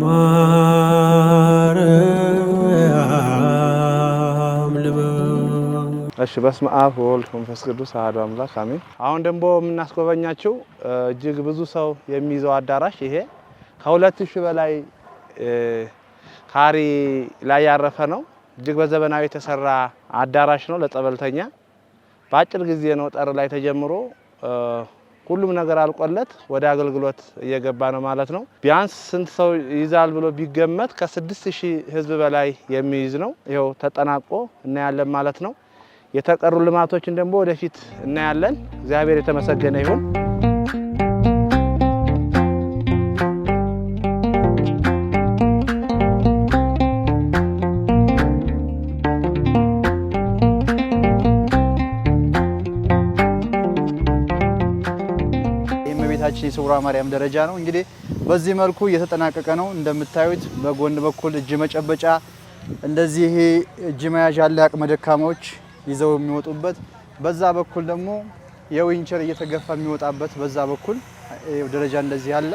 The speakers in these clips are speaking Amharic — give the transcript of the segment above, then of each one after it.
ማርያም ልበል። እሺ፣ በስመ አብ ወወልድ ወመንፈስ ቅዱስ አሐዱ አምላክ አሜን። አሁን ደግሞ የምናስጎበኛችው እጅግ ብዙ ሰው የሚይዘው አዳራሽ ይሄ ከሁለት ሺህ በላይ ካሪ ላይ ያረፈ ነው። እጅግ በዘመናዊ የተሰራ አዳራሽ ነው ለጸበልተኛ በአጭር ጊዜ ነው ጠር ላይ ተጀምሮ ሁሉም ነገር አልቆለት ወደ አገልግሎት እየገባ ነው ማለት ነው። ቢያንስ ስንት ሰው ይዛል ብሎ ቢገመት ከስድስት ሺህ ህዝብ በላይ የሚይዝ ነው። ይኸው ተጠናቆ እናያለን ማለት ነው። የተቀሩ ልማቶችን ደግሞ ወደፊት እናያለን። እግዚአብሔር የተመሰገነ ይሁን። የስውሯ ማርያም ደረጃ ነው። እንግዲህ በዚህ መልኩ እየተጠናቀቀ ነው። እንደምታዩት በጎን በኩል እጅ መጨበጫ እንደዚህ እጅ መያዣ ያለ አቅመ ደካማዎች ይዘው የሚወጡበት በዛ በኩል ደግሞ የዊንቸር እየተገፋ የሚወጣበት በዛ በኩል ደረጃ እንደዚህ አለ።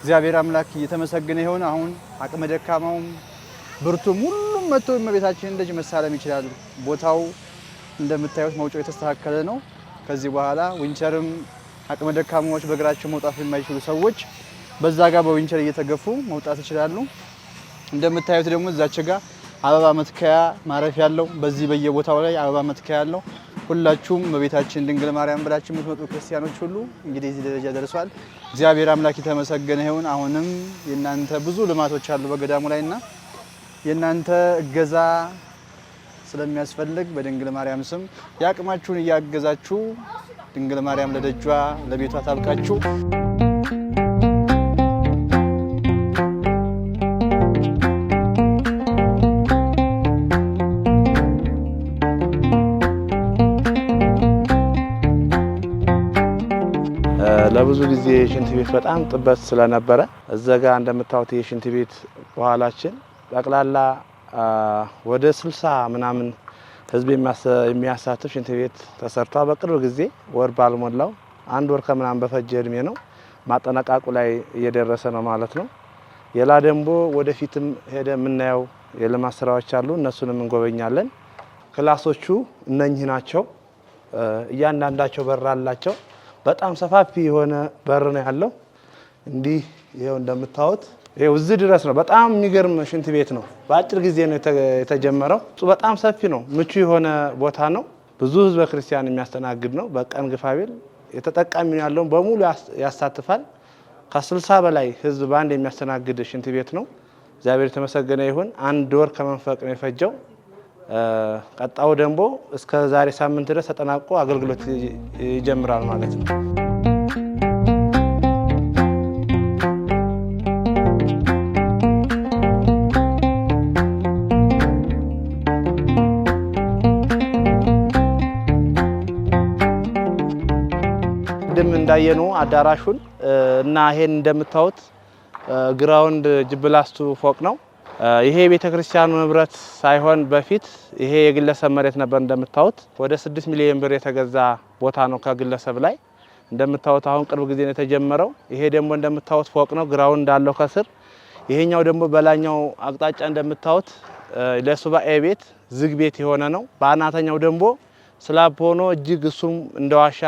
እግዚአብሔር አምላክ እየተመሰገነ ይሆን። አሁን አቅመ ደካማውም ብርቱም ሁሉም መጥቶ እመቤታችንን ደጅ መሳለም ይችላሉ። ቦታው እንደምታዩት መውጫው የተስተካከለ ነው። ከዚህ በኋላ ዊንቸርም አቅመ ደካማዎች፣ በእግራቸው መውጣት የማይችሉ ሰዎች በዛ ጋር በዊንቸር እየተገፉ መውጣት ይችላሉ። እንደምታዩት ደግሞ እዛች ጋ አበባ መትከያ ማረፊያ ያለው በዚህ በየቦታው ላይ አበባ መትከያ ያለው ሁላችሁም በቤታችን ድንግል ማርያም ብላችሁ የምትመጡ ክርስቲያኖች ሁሉ እንግዲህ እዚህ ደረጃ ደርሷል። እግዚአብሔር አምላክ የተመሰገነ ይሁን። አሁንም የእናንተ ብዙ ልማቶች አሉ በገዳሙ ላይ እና የእናንተ እገዛ ስለሚያስፈልግ በድንግል ማርያም ስም የአቅማችሁን እያገዛችሁ ድንግል ማርያም ለደጇ ለቤቷ ታብቃችሁ። ለብዙ ጊዜ የሽንት ቤት በጣም ጥበት ስለነበረ እዛ ጋር እንደምታዩት የሽንት ቤት በኋላችን ጠቅላላ ወደ ስልሳ ምናምን ህዝብ የሚያሳትፍ ሽንት ቤት ተሰርቷ በቅርብ ጊዜ ወር ባልሞላው አንድ ወር ከምናምን በፈጀ እድሜ ነው ማጠነቃቁ ላይ እየደረሰ ነው ማለት ነው። የላ ደንቦ ወደፊትም ሄደ የምናየው የልማት ስራዎች አሉ፣ እነሱንም እንጎበኛለን። ክላሶቹ እነኚህ ናቸው። እያንዳንዳቸው በር አላቸው። በጣም ሰፋፊ የሆነ በር ነው ያለው። እንዲህ ይኸው እንደምታዩት እዚህ ድረስ ነው። በጣም የሚገርም ሽንት ቤት ነው። በአጭር ጊዜ ነው የተጀመረው። በጣም ሰፊ ነው። ምቹ የሆነ ቦታ ነው። ብዙ ህዝበ ክርስቲያን የሚያስተናግድ ነው። በቀን ግፋቤል የተጠቃሚ ያለውን በሙሉ ያሳትፋል። ከስልሳ በላይ ህዝብ በአንድ የሚያስተናግድ ሽንት ቤት ነው። እግዚአብሔር የተመሰገነ ይሁን። አንድ ወር ከመንፈቅ ነው የፈጀው። ቀጣው ደንቦ እስከ ዛሬ ሳምንት ድረስ ተጠናቆ አገልግሎት ይጀምራል ማለት ነው። ቅድም እንዳየኑ አዳራሹን እና ይሄን እንደምታዩት ግራውንድ ጅብላስቱ ፎቅ ነው። ይሄ የቤተክርስቲያኑ ንብረት ሳይሆን በፊት ይሄ የግለሰብ መሬት ነበር። እንደምታዩት ወደ 6 ሚሊዮን ብር የተገዛ ቦታ ነው ከግለሰብ ላይ እንደምታዩት። አሁን ቅርብ ጊዜ ነው የተጀመረው። ይሄ ደግሞ እንደምታዩት ፎቅ ነው፣ ግራውንድ አለው ከስር። ይሄኛው ደግሞ በላኛው አቅጣጫ እንደምታዩት ለሱባኤ ቤት ዝግ ቤት የሆነ ነው። በአናተኛው ደግሞ ስላብ ሆኖ እጅግ እሱም እንደዋሻ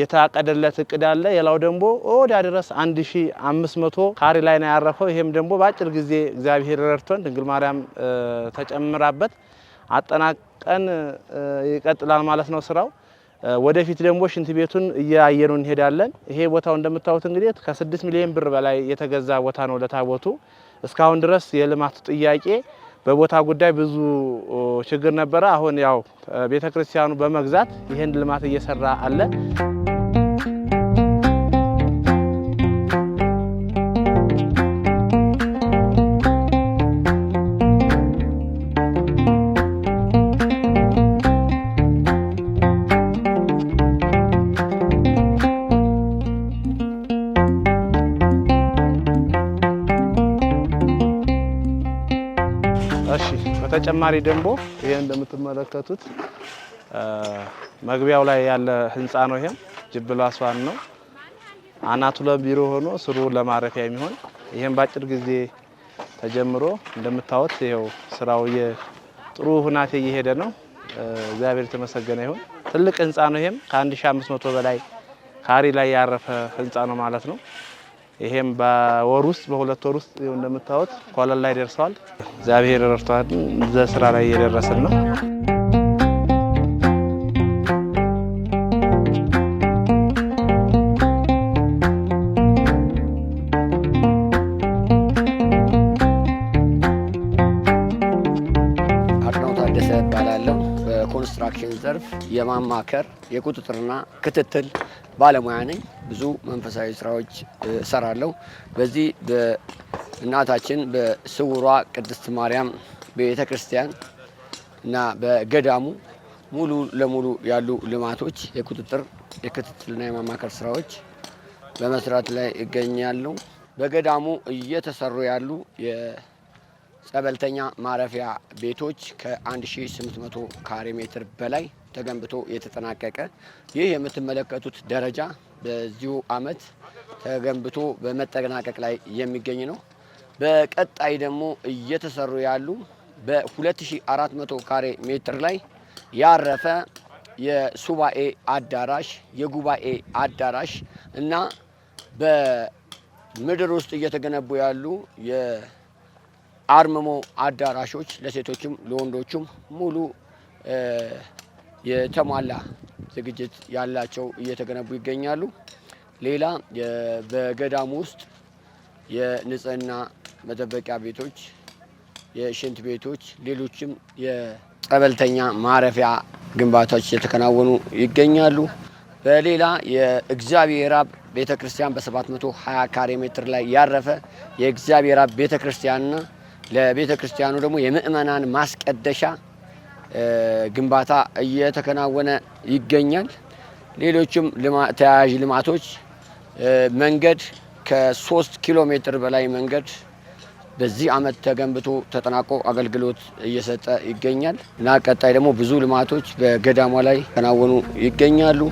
የታቀደለት እቅድ አለ። ሌላው ደግሞ ወዳ ድረስ 1500 ካሬ ላይ ነው ያረፈው። ይሄም ደግሞ በአጭር ጊዜ እግዚአብሔር ረድቶን ድንግል ማርያም ተጨምራበት አጠናቀን ይቀጥላል ማለት ነው ስራው። ወደፊት ደግሞ ሽንት ቤቱን እያየኑ እንሄዳለን። ይሄ ቦታው እንደምታዩት እንግዲህ ከ6 ሚሊዮን ብር በላይ የተገዛ ቦታ ነው ለታቦቱ። እስካሁን ድረስ የልማቱ ጥያቄ በቦታ ጉዳይ ብዙ ችግር ነበረ። አሁን ያው ቤተክርስቲያኑ በመግዛት ይህን ልማት እየሰራ አለ። በተጨማሪ ደግሞ ይሄ እንደምትመለከቱት መግቢያው ላይ ያለ ህንፃ ነው። ይሄም ጅብላሷን ነው አናቱ ለቢሮ ሆኖ ስሩ ለማረፊያ የሚሆን ይሄም በአጭር ጊዜ ተጀምሮ እንደምታዩት ይኸው ስራው የጥሩ ሁናቴ እየሄደ ነው። እግዚአብሔር የተመሰገነ ይሁን። ትልቅ ህንፃ ነው። ይሄም ከ1500 በላይ ካሪ ላይ ያረፈ ህንፃ ነው ማለት ነው። ይሄም በወር ውስጥ በሁለት ወር ውስጥ እንደምታዩት ኮለል ላይ ደርሰዋል። እግዚአብሔር ረድቷት ስራ ላይ እየደረስን ነው። በኮንስትራክሽን ዘርፍ የማማከር የቁጥጥርና ክትትል ባለሙያ ነኝ። ብዙ መንፈሳዊ ስራዎች እሰራለሁ። በዚህ በእናታችን በስውሯ ቅድስት ማርያም ቤተ ክርስቲያን እና በገዳሙ ሙሉ ለሙሉ ያሉ ልማቶች የቁጥጥር የክትትልና የማማከር ስራዎች በመስራት ላይ ይገኛሉ። በገዳሙ እየተሰሩ ያሉ የጸበልተኛ ማረፊያ ቤቶች ከ1800 ካሬ ሜትር በላይ ተገንብቶ የተጠናቀቀ ይህ የምትመለከቱት ደረጃ በዚሁ አመት ተገንብቶ በመጠናቀቅ ላይ የሚገኝ ነው። በቀጣይ ደግሞ እየተሰሩ ያሉ በ2400 ካሬ ሜትር ላይ ያረፈ የሱባኤ አዳራሽ፣ የጉባኤ አዳራሽ እና በምድር ውስጥ እየተገነቡ ያሉ የአርምሞ አዳራሾች ለሴቶችም ለወንዶችም ሙሉ የተሟላ ዝግጅት ያላቸው እየተገነቡ ይገኛሉ። ሌላ በገዳሙ ውስጥ የንጽህና መጠበቂያ ቤቶች፣ የሽንት ቤቶች፣ ሌሎችም የጸበልተኛ ማረፊያ ግንባታዎች እየተከናወኑ ይገኛሉ። በሌላ የእግዚአብሔር አብ ቤተ ክርስቲያን በ720 ካሬ ሜትር ላይ ያረፈ የእግዚአብሔር አብ ቤተ ክርስቲያንና ለቤተ ክርስቲያኑ ደግሞ የምእመናን ማስቀደሻ ግንባታ እየተከናወነ ይገኛል። ሌሎችም ተያያዥ ልማቶች መንገድ ከሶስት ኪሎ ሜትር በላይ መንገድ በዚህ አመት ተገንብቶ ተጠናቆ አገልግሎት እየሰጠ ይገኛል እና ቀጣይ ደግሞ ብዙ ልማቶች በገዳሟ ላይ ከናወኑ ይገኛሉ።